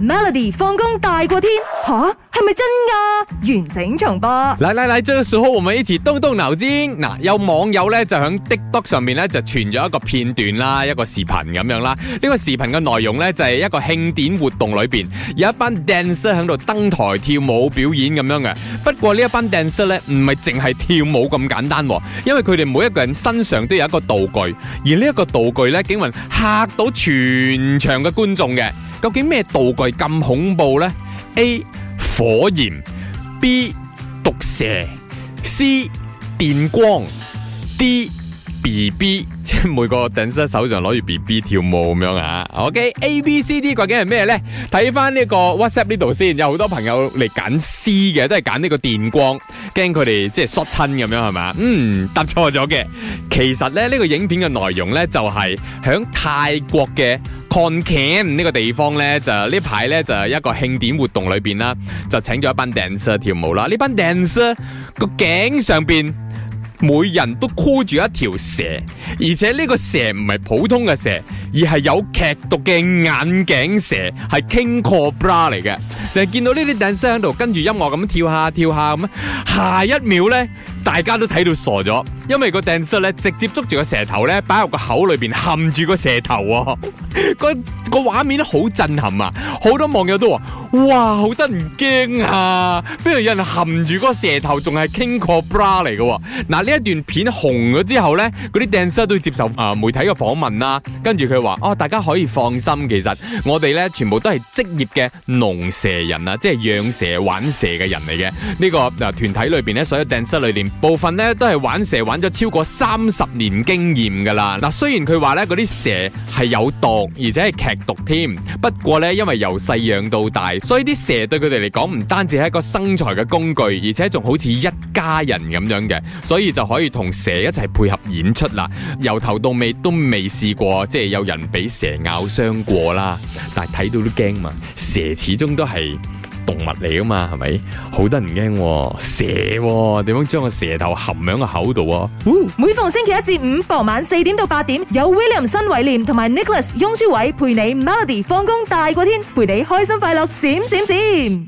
Melody 放工大過天，吓，係咪真噶？完整重播，來來來，這個時候我們一起動動腦筋。嗱，有網友咧就響 TikTok 上面咧就傳咗一個片段啦，一個視頻咁樣啦。呢個視頻嘅內容咧就係一個慶典活動裏邊，有一班 dancer 喺度登台跳舞表演咁樣嘅。不過呢一班 dancer 咧唔係淨係跳舞咁簡單，因為佢哋每一個人身上都有一個道具，而呢一個道具咧竟然嚇到全場嘅觀眾嘅。究竟咩道具？咁恐怖咧？A 火焰，B 毒蛇，C 電光，D B B，即係每個 dancer 手上攞住 B B 跳舞咁樣啊？OK，A B C D 究竟係咩咧？睇翻呢個 WhatsApp 呢度先，有好多朋友嚟揀 C 嘅，都係揀呢個電光，驚佢哋即係 short 親咁樣係咪？嗯，答錯咗嘅。其實咧呢個影片嘅內容咧就係響泰國嘅。Concan 呢個地方咧，就呢排咧就係一個慶典活動裏邊啦，就請咗一班 dancer 跳舞啦。呢班 dancer 個頸上邊每人都箍住一條蛇，而且呢個蛇唔係普通嘅蛇，而係有劇毒嘅眼鏡蛇，係 King Cobra 嚟嘅。就係見到呢啲 dancer 喺度跟住音樂咁跳下跳下咁，下一秒咧。大家都睇到傻咗，因為個 Dancer 咧直接捉住個蛇頭咧，哦，擺 入個口裏邊含住個蛇頭，個個畫面好震撼啊！好多網友都話。哇，好得人驚啊！邊度有人含住個蛇頭，仲係 King Cobra 嚟嘅？嗱，呢一段片紅咗之後呢，嗰啲 Dancer 都接受誒媒體嘅訪問啦、啊。跟住佢話哦，大家可以放心，其實我哋呢全部都係職業嘅農蛇人啊，即係養蛇玩蛇嘅人嚟嘅。呢、這個嗱團體裏邊咧，所有 Dancer 裏邊部分呢，都係玩蛇玩咗超過三十年經驗噶啦。嗱，雖然佢話呢嗰啲蛇係有毒，而且係劇毒添，不過呢因為由細養到大。所以啲蛇對佢哋嚟講唔單止係一個生財嘅工具，而且仲好似一家人咁樣嘅，所以就可以同蛇一齊配合演出啦。由頭到尾都未試過，即係有人俾蛇咬傷過啦。但係睇到都驚嘛，蛇始終都係。動物嚟噶嘛，係咪好得人驚，哦？蛇點樣將個蛇頭含喺個口度？嗚！每逢星期一至五傍晚四點到八點，有 William 新偉廉同埋 Nicholas 雍舒偉陪你 Melody 放工大過天，陪你開心快樂閃閃閃。閃閃閃。